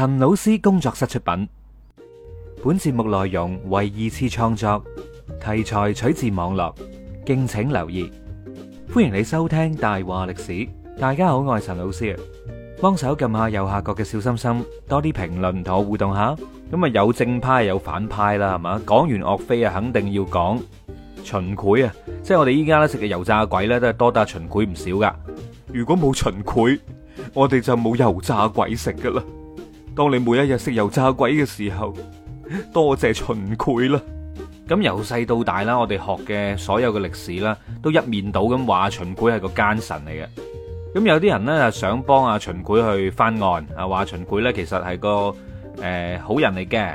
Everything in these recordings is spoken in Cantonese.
陳老師工作室出品，本節目內容為二次創作，題材取自網絡，敬請留意。歡迎你收聽《大話歷史》，大家好，我係陳老師啊！幫手撳下右下角嘅小心心，多啲評論同我互動下。咁啊，有正派有反派啦，係嘛？講完岳飛啊，肯定要講秦檜啊，即係我哋依家咧食嘅油炸鬼咧，都係多得秦檜唔少噶。如果冇秦檜，我哋就冇油炸鬼食噶啦。當你每一日食油炸鬼嘅時候，多謝秦檜啦。咁由細到大啦，我哋學嘅所有嘅歷史啦，都一面倒咁話秦檜係個奸臣嚟嘅。咁有啲人咧，想幫阿秦檜去翻案，啊話秦檜咧其實係個誒、呃、好人嚟嘅。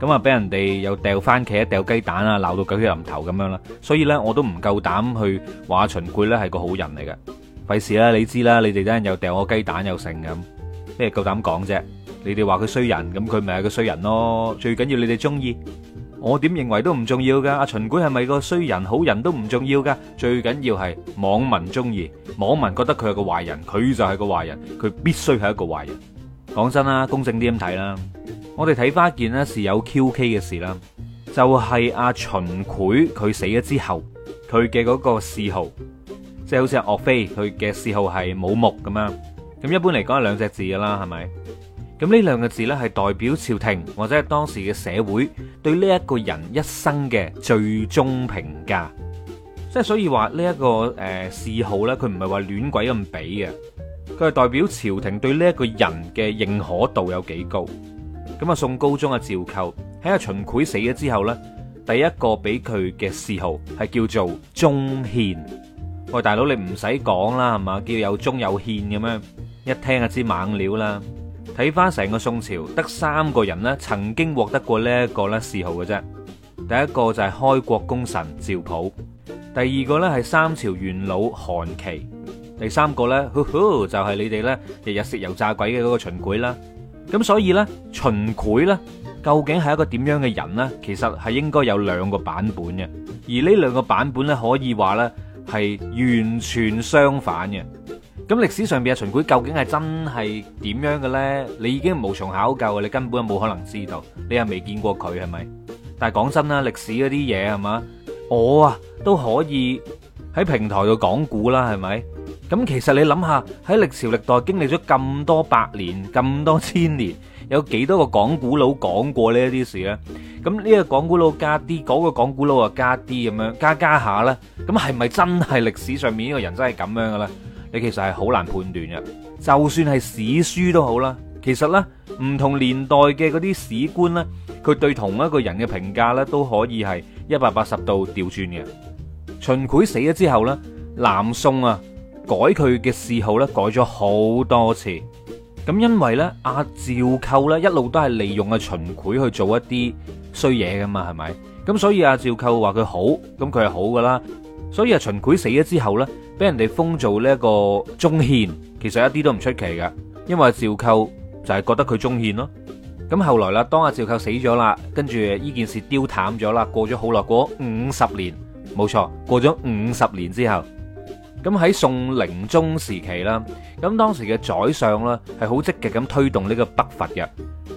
咁啊俾人哋又掉番茄、掉雞蛋啊，鬧到狗血淋頭咁樣啦。所以咧，我都唔夠膽去話秦檜咧係個好人嚟嘅。費事啦，你知啦，你哋等人又掉我雞蛋又成咁，咩夠膽講啫？你哋話佢衰人，咁佢咪係個衰人咯？最緊要你哋中意，我點認為都唔重要噶。阿秦檜係咪個衰人？好人都唔重要噶，最緊要係網民中意。網民覺得佢係個壞人，佢就係個壞人，佢必須係一個壞人。講真啦，公正啲咁睇啦。我哋睇翻件呢，是有 Q K 嘅事啦，就係、是、阿秦檜佢死咗之後，佢嘅嗰個諡號，即、就、係、是、好似阿岳飛佢嘅諡號係武穆咁啊。咁一般嚟講係兩隻字噶啦，係咪？咁呢兩個字咧，係代表朝廷或者係當時嘅社會對呢一個人一生嘅最終評價。即係所以話呢一個誒諡號咧，佢唔係話亂鬼咁俾嘅，佢係代表朝廷對呢一個人嘅認可度有幾高。咁啊，宋高宗啊趙構喺阿秦檜死咗之後咧，第一個俾佢嘅諡號係叫做忠獻。喂，大佬你唔使講啦，係嘛叫有忠有獻咁樣，一聽就知猛料啦。睇翻成個宋朝，得三個人咧，曾經獲得過呢一個咧謚號嘅啫。第一個就係開國功臣趙普，第二個呢係三朝元老韓琦，第三個咧就係你哋咧日日食油炸鬼嘅嗰個秦檜啦。咁所以呢，秦檜呢，究竟係一個點樣嘅人呢？其實係應該有兩個版本嘅，而呢兩個版本呢，可以話呢係完全相反嘅。咁歷史上邊嘅秦檜究竟係真係點樣嘅咧？你已經無從考究，你根本冇可能知道，你又未見過佢係咪？但係講真啦，歷史嗰啲嘢係嘛，我啊都可以喺平台度講古啦，係咪？咁其實你諗下，喺歷朝歷代經歷咗咁多百年、咁多千年，有幾多個講古佬講過呢一啲事啊？咁呢個講古佬加啲，嗰個講古佬啊加啲咁樣加加下啦，咁係咪真係歷史上面呢個人真係咁樣嘅咧？你其實係好難判斷嘅，就算係史書都好啦。其實呢，唔同年代嘅嗰啲史官呢，佢對同一個人嘅評價呢，都可以係一百八十度調轉嘅。秦檜死咗之後呢，南宋啊改佢嘅諡號呢，改咗好多次。咁因為呢，阿趙構呢，一路都係利用阿秦檜去做一啲衰嘢噶嘛，係咪？咁所以阿趙構話佢好，咁佢係好噶啦。所以阿秦檜死咗之後咧，俾人哋封做呢一個忠獻，其實一啲都唔出奇嘅，因為趙構就係覺得佢忠獻咯。咁後來啦，當阿趙構死咗啦，跟住呢件事丟淡咗啦，過咗好耐，過五十年，冇錯，過咗五十年之後，咁喺宋寧宗時期啦，咁當時嘅宰相啦係好積極咁推動呢個北伐嘅，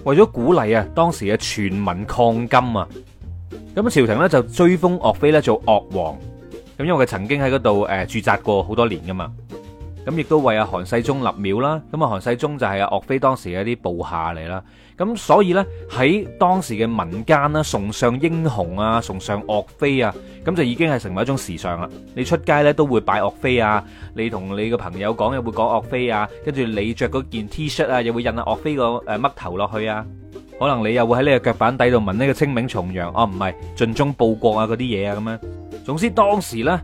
為咗鼓勵啊當時嘅全民抗金啊，咁朝廷咧就追封岳飛咧做鄂王。咁因為佢曾經喺嗰度誒駐紮過好多年噶嘛，咁亦都為阿韓世忠立廟啦。咁、嗯、啊，韓世忠就係阿岳飛當時嘅一啲部下嚟啦。咁、嗯、所以呢，喺當時嘅民間啦，崇尚英雄啊，崇尚岳飛啊，咁就已經係成為一種時尚啦。你出街呢都會拜岳飛啊，你同你嘅朋友講又會講岳飛啊，跟住你着嗰件 T 恤啊又會印阿岳飛個誒乜頭落去啊，可能你又會喺呢個腳板底度紋呢個清明重陽啊，唔係盡忠報國啊嗰啲嘢啊咁樣。總之當時呢，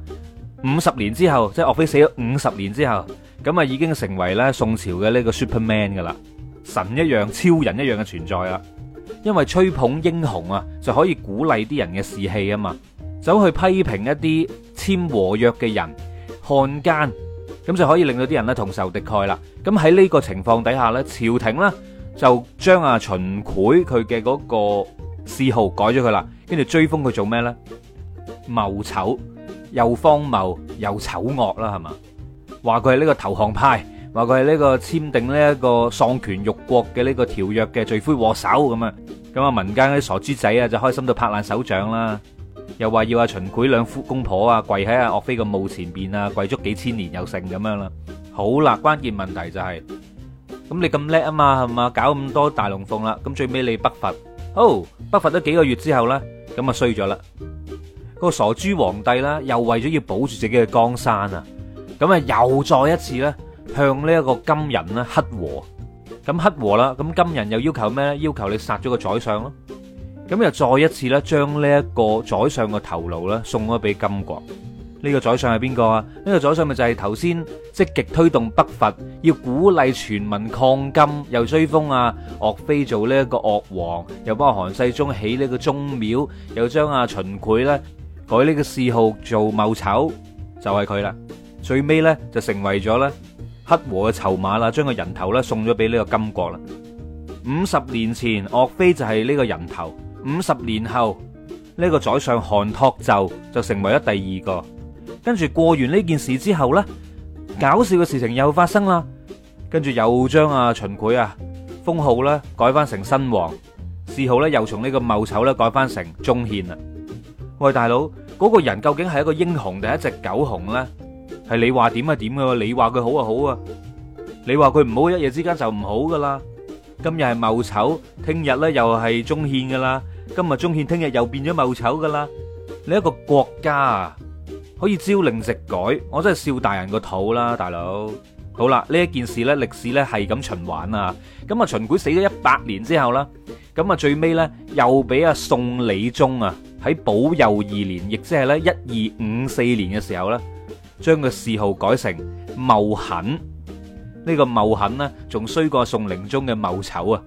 五十年之後，即係岳飛死咗五十年之後，咁啊已經成為咧宋朝嘅呢個 Superman 噶啦，神一樣、超人一樣嘅存在啦。因為吹捧英雄啊，就可以鼓勵啲人嘅士氣啊嘛。走去批評一啲簽和約嘅人、漢奸，咁就可以令到啲人咧同仇敵愾啦。咁喺呢個情況底下呢，朝廷呢，就將阿秦檜佢嘅嗰個諡號改咗佢啦，跟住追封佢做咩呢？謀醜又荒謬又醜惡啦，係嘛？話佢係呢個投降派，話佢係呢個簽訂呢一個喪權辱國嘅呢個條約嘅罪魁禍首咁啊。咁啊，民間啲傻豬仔啊，就開心到拍爛手掌啦。又話要阿秦檜兩夫公婆啊跪喺阿岳飛個墓前邊啊，跪足幾千年又成咁樣啦。好啦，關鍵問題就係咁你咁叻啊嘛，係嘛？搞咁多大龍鳳啦，咁最尾你北伐哦，北伐咗幾個月之後咧，咁啊衰咗啦。個傻豬皇帝啦，又為咗要保住自己嘅江山啊，咁啊又再一次咧，向呢一個金人咧乞和，咁乞和啦，咁金人又要求咩咧？要求你殺咗個宰相咯，咁又再一次咧，將呢一個宰相嘅頭顱咧送咗俾金國。呢個宰相係邊個啊？呢個宰相咪就係頭先積極推動北伐，要鼓勵全民抗金，又追封啊岳飛做呢一個岳王，又幫韓世忠起呢個宗廟，又將阿秦檜咧。改呢個謚號做謬醜，就係佢啦。最尾咧就成為咗咧黑和嘅籌碼啦，將個人頭咧送咗俾呢個金國啦。五十年前岳飛就係呢個人頭，五十年後呢、呢個宰相韓侂胄就成為咗第二個。跟住過完呢件事之後咧，搞笑嘅事情又發生啦。跟住又將阿秦檜啊封號咧改翻成新王，謚號咧又從個呢個謬醜咧改翻成忠獻啊。喂，大佬，嗰個人究竟係一個英雄定係一隻狗熊咧？係你話點啊點噶，你話佢好啊好啊，你話佢唔好一夜之間就唔好噶啦。今日係謀醜，聽日咧又係忠獻噶啦。今日忠獻，聽日又變咗謀醜噶啦。你一個國家啊，可以朝令夕改，我真係笑大人個肚啦，大佬。好啦，呢一件事咧，歷史咧係咁循環啊。咁啊，秦檜死咗一百年之後啦，咁啊最尾咧又俾阿宋理宗啊。喺保佑二年，亦即係咧一二五四年嘅時候咧，將個諡號改成謬狠。呢個謬狠咧，仲衰過宋寧宗嘅謬醜啊。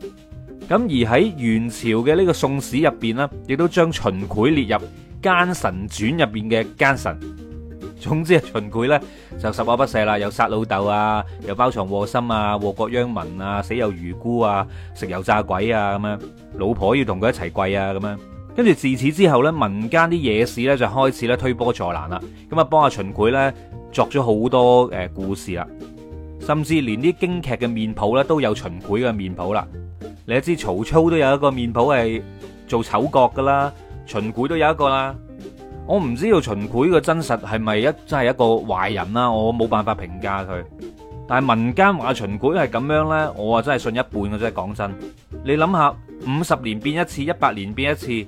咁而喺元朝嘅呢個《宋史》入邊咧，亦都將秦檜列入奸臣傳入邊嘅奸臣。總之啊，秦檜咧就十惡不赦啦，又殺老豆啊，又包藏禍心啊，禍國殃民啊，死有餘辜啊，食油炸鬼啊咁樣，老婆要同佢一齊跪啊咁樣。跟住自此之後咧，民間啲野史咧就開始咧推波助瀾啦，咁啊幫阿秦檜咧作咗好多誒故事啦，甚至連啲京劇嘅面譜咧都有秦檜嘅面譜啦。你知曹操都有一個面譜係做丑角噶啦，秦檜都有一個啦。我唔知道秦檜嘅真實係咪一真係一個壞人啦，我冇辦法評價佢。但係民間話秦檜係咁樣呢，我啊真係信一半嘅啫。講真，你諗下，五十年變一次，一百年變一次。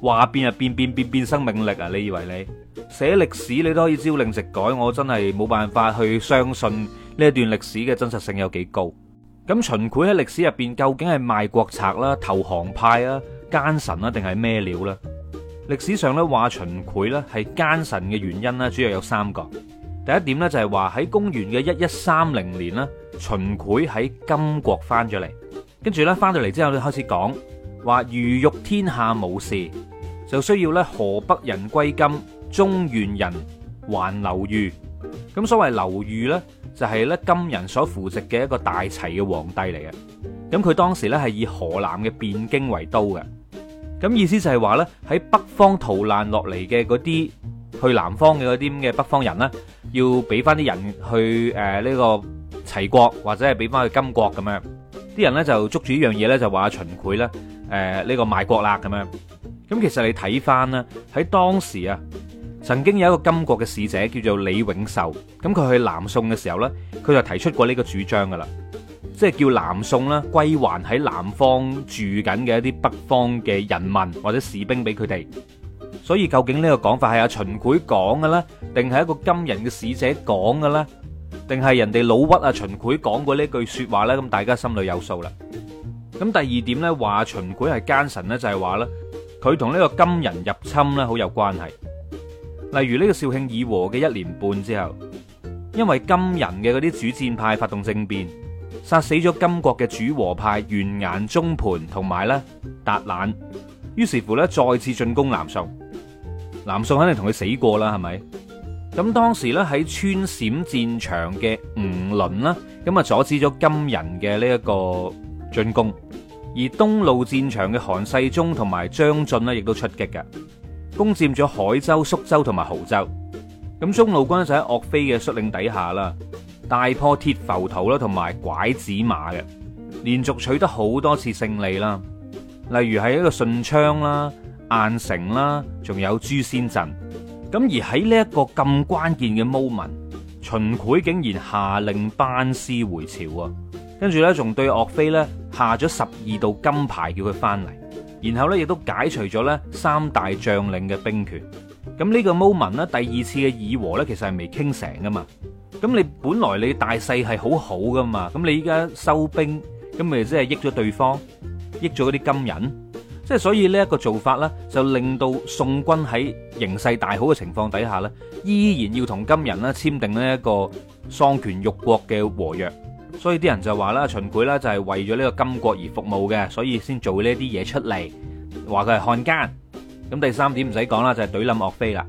話變就變，變變變生命力啊！你以為你寫歷史你都可以朝令夕改？我真係冇辦法去相信呢一段歷史嘅真實性有幾高。咁秦檜喺歷史入邊究竟係賣國賊啦、投降派啊、奸臣啦，定係咩料呢？歷史上咧話秦檜呢係奸臣嘅原因呢，主要有三個。第一點呢，就係話喺公元嘅一一三零年呢，秦檜喺金國翻咗嚟，跟住呢翻到嚟之後咧開始講。話如欲天下無事，就需要咧河北人歸金，中原人還劉豫。咁所謂劉豫呢，就係、是、咧金人所扶植嘅一個大齊嘅皇帝嚟嘅。咁佢當時咧係以河南嘅汴京為都嘅。咁意思就係話咧，喺北方逃難落嚟嘅嗰啲去南方嘅嗰啲咁嘅北方人呢，要俾翻啲人去誒呢、呃這個齊國或者係俾翻去金國咁樣。啲人呢，就捉住就呢樣嘢咧就話秦檜咧，誒，呢、呃這個賣國啦咁樣，咁其實你睇翻咧，喺當時啊，曾經有一個金國嘅使者叫做李永壽，咁佢去南宋嘅時候呢，佢就提出過呢個主張噶啦，即係叫南宋啦歸還喺南方住緊嘅一啲北方嘅人民或者士兵俾佢哋。所以究竟個呢個講法係阿秦檜講嘅咧，定係一個金人嘅使者講嘅咧，定係人哋老屈啊秦檜講過呢句說話咧？咁大家心裏有數啦。咁第二點咧，話秦檜係奸臣咧，就係話咧，佢同呢個金人入侵咧好有關係。例如呢個紹興議和嘅一年半之後，因為金人嘅嗰啲主戰派發動政變，殺死咗金國嘅主和派完顏宗磐同埋咧達懶，於是乎咧再次進攻南宋。南宋肯定同佢死過啦，係咪？咁當時咧喺川陝戰場嘅吳璘啦，咁啊阻止咗金人嘅呢一個。進攻，而東路戰場嘅韓世忠同埋張俊呢，亦都出擊嘅，攻佔咗海州、宿州同埋亳州。咁中路軍就喺岳飛嘅率領底下啦，大破鐵浮屠啦，同埋拐子馬嘅，連續取得好多次勝利啦。例如係一個順昌啦、郾城啦，仲有朱仙鎮。咁而喺呢一個咁關鍵嘅 moment，秦檜竟然下令班師回朝啊！跟住咧，仲對岳飛咧。下咗十二道金牌叫佢翻嚟，然後咧亦都解除咗咧三大將領嘅兵權。咁呢個 moment 咧，第二次嘅議和咧，其實係未傾成噶嘛。咁你本來你大勢係好好噶嘛，咁你依家收兵，咁咪即係益咗對方，益咗啲金人。即係所以呢一個做法咧，就令到宋軍喺形勢大好嘅情況底下咧，依然要同金人咧簽訂呢一個喪權辱國嘅和約。所以啲人就話啦，秦檜咧就係為咗呢個金國而服務嘅，所以先做呢一啲嘢出嚟，話佢係漢奸。咁第三點唔使講啦，就係懟冧岳飛啦。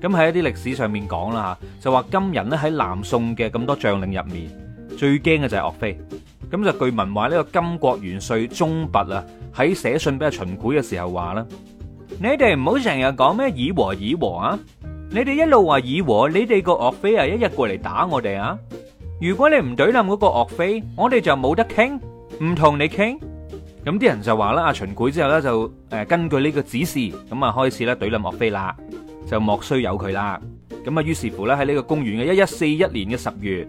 咁喺一啲歷史上面講啦吓，就話金人咧喺南宋嘅咁多將領入面，最驚嘅就係岳飛。咁就據聞話呢個金國元帥宗弼啊，喺寫信俾阿秦檜嘅時候話啦，你哋唔好成日講咩以和以和啊，你哋一路話以和，你哋個岳飛啊一日過嚟打我哋啊！如果你唔懟冧嗰個岳飛，我哋就冇得傾，唔同你傾。咁啲人就話啦，阿秦檜之後咧就誒根據呢個指示，咁啊開始咧懟冧岳飛啦，就莫須有佢啦。咁啊於是乎咧喺呢個公元嘅一一四一年嘅十月，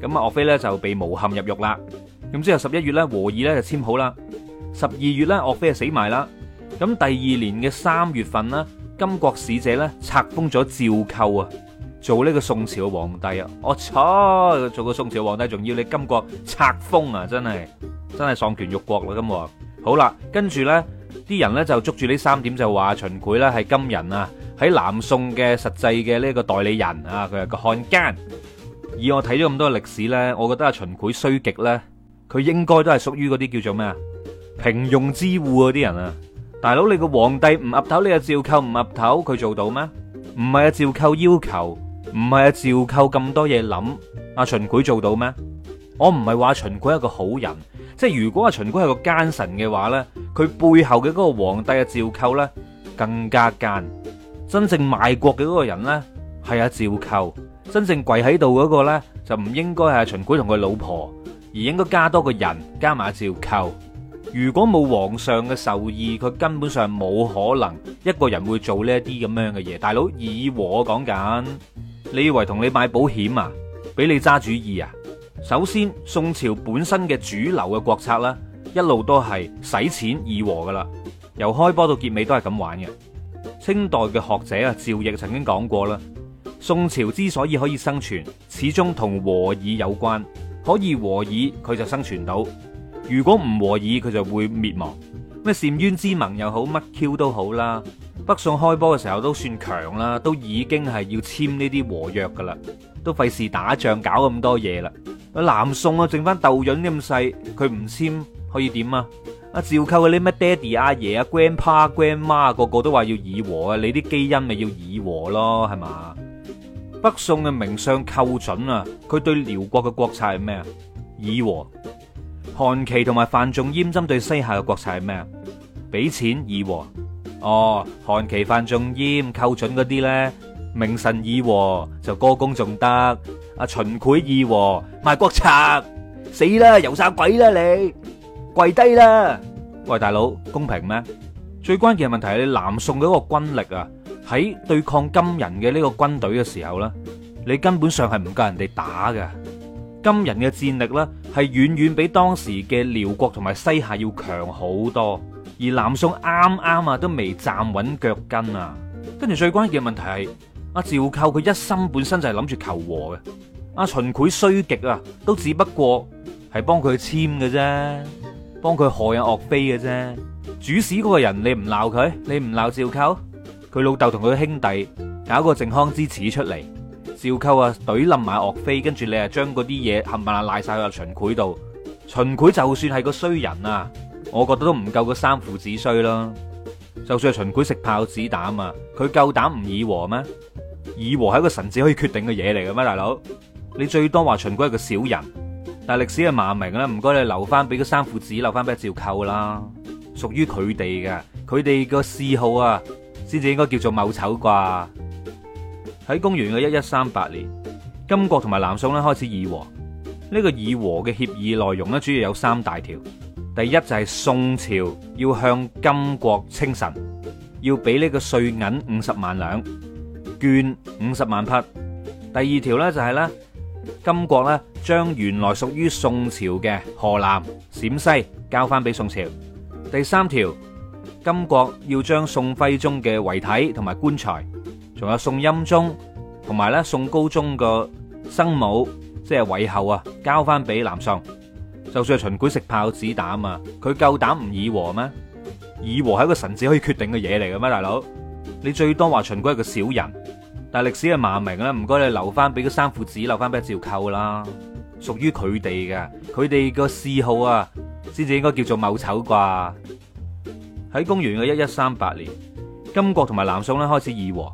咁啊岳飛咧就被誣陷入獄啦。咁之後十一月咧和議咧就簽好啦，十二月咧岳飛就死埋啦。咁第二年嘅三月份咧，金國使者咧冊封咗趙構啊。做呢個宋朝嘅皇帝啊！我錯，做個宋朝皇帝仲要你金國冊封啊！真係真係喪權辱國啦咁喎。好啦，跟住咧，啲人咧就捉住呢三點就話秦檜咧係金人啊，喺南宋嘅實際嘅呢個代理人啊，佢係個漢奸。而我睇咗咁多歷史咧，我覺得阿秦檜衰極咧，佢應該都係屬於嗰啲叫做咩啊平庸之戶嗰啲人啊。大佬，你個皇帝唔岌頭，你阿趙構唔岌頭，佢做到咩？唔係阿趙構要求。唔係阿趙構咁多嘢諗，阿秦檜做到咩？我唔係話秦檜係一個好人，即係如果阿秦檜係個奸臣嘅話呢，佢背後嘅嗰個皇帝阿趙構呢，更加奸。真正賣國嘅嗰個人呢，係阿趙構。真正跪喺度嗰個呢，就唔應該係阿秦檜同佢老婆，而應該加多個人加埋趙構。如果冇皇上嘅授意，佢根本上冇可能一個人會做呢啲咁樣嘅嘢。大佬，以我講緊。你以為同你買保險啊？俾你揸主意啊？首先，宋朝本身嘅主流嘅國策啦，一路都係使錢議和噶啦，由開波到結尾都係咁玩嘅。清代嘅學者啊，趙翼曾經講過啦，宋朝之所以可以生存，始終同和議有關，可以和議佢就生存到，如果唔和議佢就會滅亡。咩澶淵之盟又好，乜 Q 都好啦。北宋開波嘅時候都算強啦，都已經係要簽呢啲和約噶啦，都費事打仗搞咁多嘢啦。南宋啊，剩返斗零咁細，佢唔簽可以點啊？阿趙構嘅啲咩爹哋阿爺阿、啊、grandpa、grandma、啊啊啊、個個都話要議和啊，你啲基因咪要議和咯，係嘛？北宋嘅名相寇準啊，佢對遼國嘅國策係咩啊？議和。韓琦同埋范仲淹針對西夏嘅國策係咩啊？俾錢議和。哦，韓琦范仲淹、寇準嗰啲咧，名臣議和就歌功頌德，阿秦檜議和賣國賊，死啦，油炸鬼啦你，跪低啦！喂，大佬公平咩？最關鍵嘅問題係你南宋嘅嗰個軍力啊，喺對抗金人嘅呢個軍隊嘅時候咧，你根本上係唔夠人哋打嘅。金人嘅戰力咧係遠遠比當時嘅遼國同埋西夏要強好多。而南宋啱啱啊都未站穩腳跟啊，跟住最關鍵嘅問題係阿趙構，佢一心本身就係諗住求和嘅，阿、啊、秦檜衰極啊，都只不過係幫佢簽嘅啫，幫佢害阿、啊、岳飛嘅啫。主使嗰個人你唔鬧佢，你唔鬧趙構？佢老豆同佢兄弟搞個靖康之恥出嚟，趙構啊懟冧埋岳飛，跟住你啊將嗰啲嘢冚唪唥賴晒去秦檜度，秦檜就算係個衰人啊！我覺得都唔夠個三父子衰啦！就算係秦檜食炮子膽啊，佢夠膽唔議和咩？議和係一個臣子可以決定嘅嘢嚟嘅咩，大佬？你最多話秦檜係個小人，但係歷史係罵名啦。唔該，你留翻俾個三父子，留翻俾趙構啦，屬於佢哋嘅，佢哋個嗜好啊，先至應該叫做某醜啩。喺公元嘅一一三八年，金國同埋南宋咧開始議和。呢個議和嘅協議內容咧，主要有三大條。第一就係宋朝要向金國稱臣，要俾呢個稅銀五十萬兩，絹五十萬匹。第二條呢就係呢金國咧將原來屬於宋朝嘅河南、陝西交翻俾宋朝。第三條，金國要將宋徽宗嘅遺體同埋棺材，仲有宋欽宗同埋呢宋高宗個生母，即係韋后啊，交翻俾南宋。就算係秦檜食炮子膽啊，佢夠膽唔議和咩？議和係一個臣子可以決定嘅嘢嚟嘅咩，大佬？你最多話秦檜係個小人，但係歷史係罵名啦。唔該，你留翻俾個三父子，留翻俾趙構啦，屬於佢哋嘅，佢哋個嗜好啊，先至應該叫做某醜啩。喺公元嘅一一三八年，金國同埋南宋咧開始議和。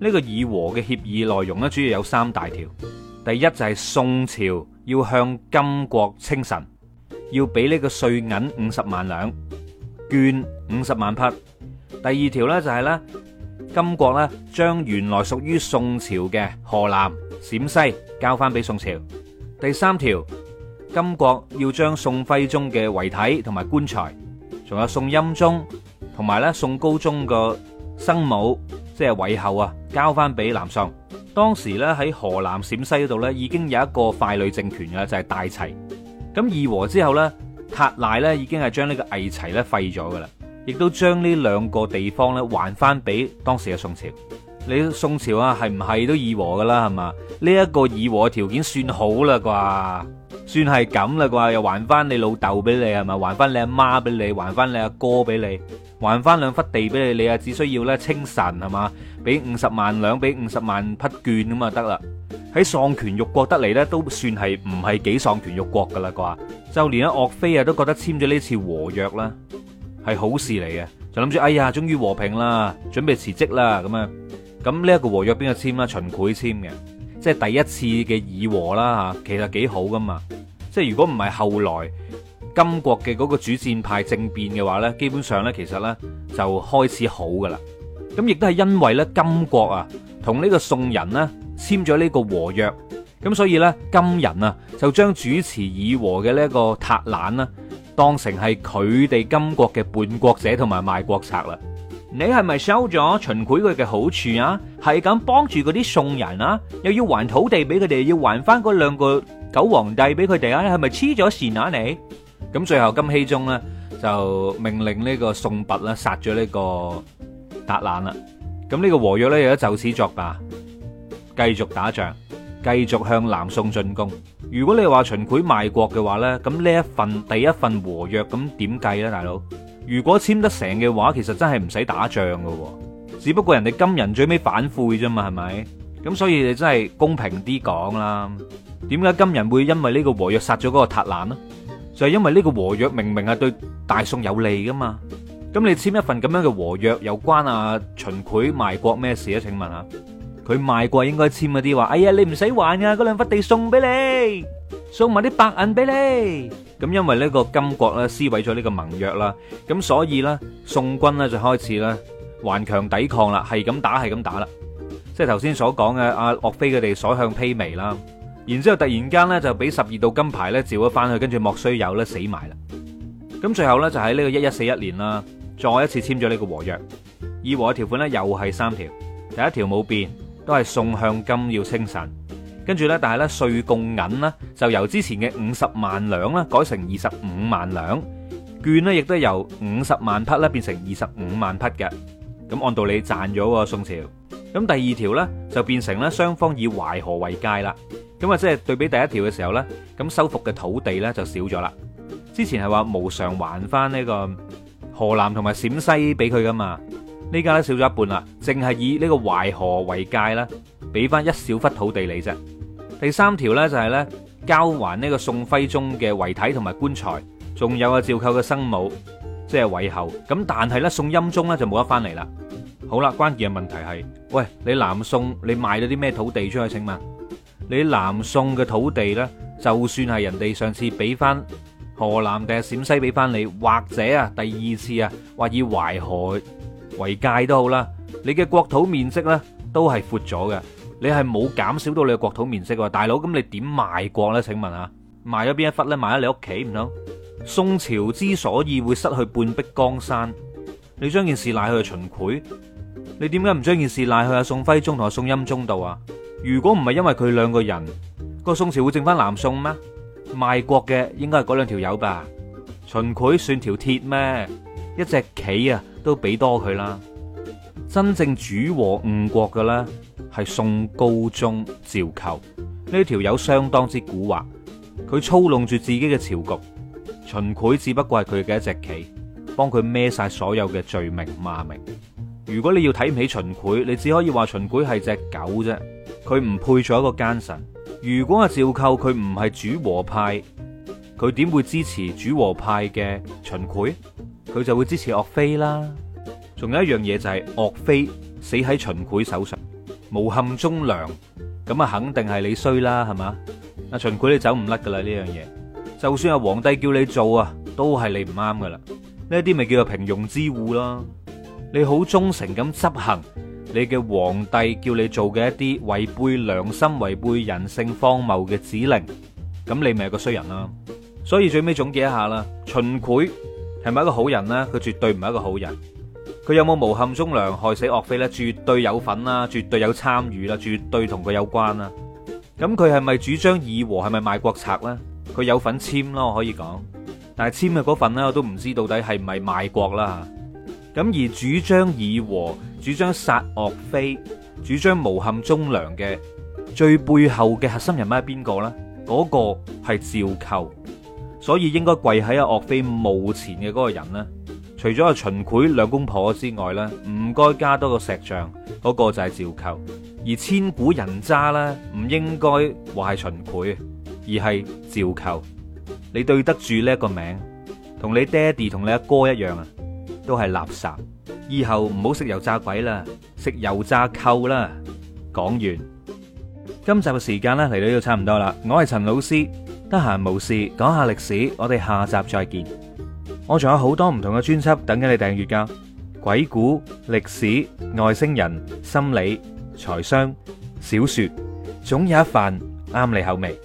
呢個議和嘅協議內容咧，主要有三大條。第一就係宋朝。要向金國稱臣，要俾呢個稅銀五十萬兩，絹五十萬匹。第二條呢、就是，就係呢金國咧將原來屬於宋朝嘅河南、陝西交翻俾宋朝。第三條，金國要將宋徽宗嘅遺體同埋棺材，仲有宋欽宗同埋呢宋高宗個生母，即係韋后啊，交翻俾南宋。當時咧喺河南、陝西嗰度咧已經有一個傀儡政權嘅就係、是、大齊。咁議和之後咧，塔賴咧已經係將呢個偽齊咧廢咗嘅啦，亦都將呢兩個地方咧還翻俾當時嘅宋朝。你宋朝啊，係唔係都議和嘅啦？係嘛？呢一個議和嘅條件算好啦啩，算係咁啦啩，又還翻你老豆俾你係咪？還翻你阿媽俾你，還翻你阿哥俾你，還翻兩忽地俾你，你啊只需要咧稱臣係嘛？俾五十萬兩，俾五十萬匹絹，咁就得啦。喺喪權辱國得嚟咧，都算係唔係幾喪權辱國噶啦啩？就連阿岳飛啊，都覺得簽咗呢次和約啦，係好事嚟嘅，就諗住哎呀，終於和平啦，準備辭職啦咁啊。咁呢一個和約邊個簽啦？秦檜簽嘅，即係第一次嘅議和啦吓，其實幾好噶嘛。即係如果唔係後來金國嘅嗰個主戰派政變嘅話咧，基本上咧其實咧就開始好噶啦。咁亦都係因為咧，金國啊，同呢個宋人咧簽咗呢個和約，咁所以咧，金人啊就將主持議和嘅呢個撻懶啦當成係佢哋金國嘅叛國者同埋賣國賊啦。你係咪收咗秦檜佢嘅好處啊？係咁幫住嗰啲宋人啊，又要還土地俾佢哋，要還翻嗰兩個狗皇帝俾佢哋啊？你係咪黐咗線啊你？咁最後金熙宗咧就命令呢個宋拔啦殺咗呢個。打爛啦，咁呢個和約咧亦都就此作罷，繼續打仗，繼續向南宋進攻。如果你話秦檜賣國嘅話咧，咁呢一份第一份和約咁點計咧，大佬？如果簽得成嘅話，其實真係唔使打仗噶，只不過人哋金人最尾反悔啫嘛，係咪？咁所以你真係公平啲講啦。點解金人會因為呢個和約殺咗嗰個塔蘭呢？就係因為呢個和約明明係對大宋有利噶嘛。咁你簽一份咁樣嘅和約，又關阿秦檜賣國咩事咧？請問下，佢賣國應該簽嗰啲話，哎呀，你唔使還噶，嗰兩塊地送俾你，送埋啲白銀俾你。咁因為呢個金國咧撕毀咗呢個盟約啦，咁所以咧宋軍咧就開始咧頑強抵抗啦，係咁打係咁打啦。即係頭先所講嘅阿岳飛佢哋所向披靡啦，然之後突然間咧就俾十二道金牌咧召咗翻去，跟住莫須有咧死埋啦。咁最後咧就喺呢個一一四一年啦。再一次簽咗呢個和約，二和嘅條款咧又係三條，第一條冇變，都係宋向金要稱臣，跟住呢，但係呢稅共銀呢，就由之前嘅五十萬兩咧改成二十五萬兩，絹呢亦都由五十萬匹咧變成二十五萬匹嘅，咁按道理賺咗喎宋朝。咁第二條呢，就變成咧雙方以淮河為界啦，咁啊即係對比第一條嘅時候呢，咁收復嘅土地呢就少咗啦。之前係話無償還翻呢個。河南同埋陝西俾佢噶嘛？呢家咧少咗一半啦，淨係以呢個淮河為界啦，俾翻一小忽土地你啫。第三條咧就係咧交還呢個宋徽宗嘅遺體同埋棺材，仲有阿趙構嘅生母，即係韋后。咁但係咧，宋欽宗咧就冇得翻嚟啦。好啦，關鍵嘅問題係，喂，你南宋你賣咗啲咩土地出去，請問你南宋嘅土地咧，就算係人哋上次俾翻。河南定係陝西俾翻你，或者啊，第二次啊，或以淮河為界都好啦。你嘅國土面積咧都係闊咗嘅，你係冇減少到你嘅國土面積嘅。大佬，咁你點賣國咧？請問啊，賣咗邊一忽咧？賣咗你屋企唔通？宋朝之所以會失去半壁江山，你將件事賴去秦檜，你點解唔將件事賴去阿宋徽宗同阿宋欽宗度啊？如果唔係因為佢兩個人，個宋朝會剩翻南宋咩？賣國嘅應該係嗰兩條友吧？秦檜算條鐵咩？一隻棋啊，都俾多佢啦。真正主和誤國嘅咧，係宋高宗趙構。呢條友相當之蠱惑，佢操弄住自己嘅朝局。秦檜只不過係佢嘅一隻棋，幫佢孭晒所有嘅罪名罵名。如果你要睇唔起秦檜，你只可以話秦檜係隻狗啫，佢唔配做一個奸臣。如果阿趙構佢唔係主和派，佢點會支持主和派嘅秦檜？佢就會支持岳飛啦。仲有一樣嘢就係岳飛死喺秦檜手上，誣陷忠良，咁啊肯定係你衰啦，係嘛？阿秦檜你走唔甩噶啦，呢樣嘢，就算阿皇帝叫你做啊，都係你唔啱噶啦。呢啲咪叫做平庸之惡咯。你好忠誠咁執行。你嘅皇帝叫你做嘅一啲違背良心、違背人性荒謬嘅指令，咁你咪係個衰人啦。所以最尾總結一下啦，秦檜係咪一個好人咧？佢絕對唔係一個好人。佢有冇誣陷忠良、害死岳飛咧？絕對有份啦，絕對有參與啦，絕對同佢有關啦。咁佢係咪主張議和？係咪賣國賊咧？佢有份簽咯，我可以講。但係簽嘅嗰份咧，我都唔知到底係唔係賣國啦。咁而主張議和。主張殺岳飛，主張誣陷忠良嘅最背後嘅核心人物係邊個咧？嗰個係趙構，所以應該跪喺阿岳飛墓前嘅嗰個人咧，除咗阿秦檜兩公婆之外咧，唔該加多個石像，嗰個就係趙構，而千古人渣呢，唔應該話係秦檜，而係趙構。你對得住呢個名，同你爹哋同你阿哥一樣啊，都係垃圾。以後唔好食油炸鬼啦，食油炸構啦。講完，今集嘅時間咧嚟到呢度差唔多啦。我係陳老師，得閒無事講下歷史，我哋下集再見。我仲有好多唔同嘅專輯等緊你訂閱噶，鬼故、歷史、外星人、心理、財商、小說，總有一份啱你口味。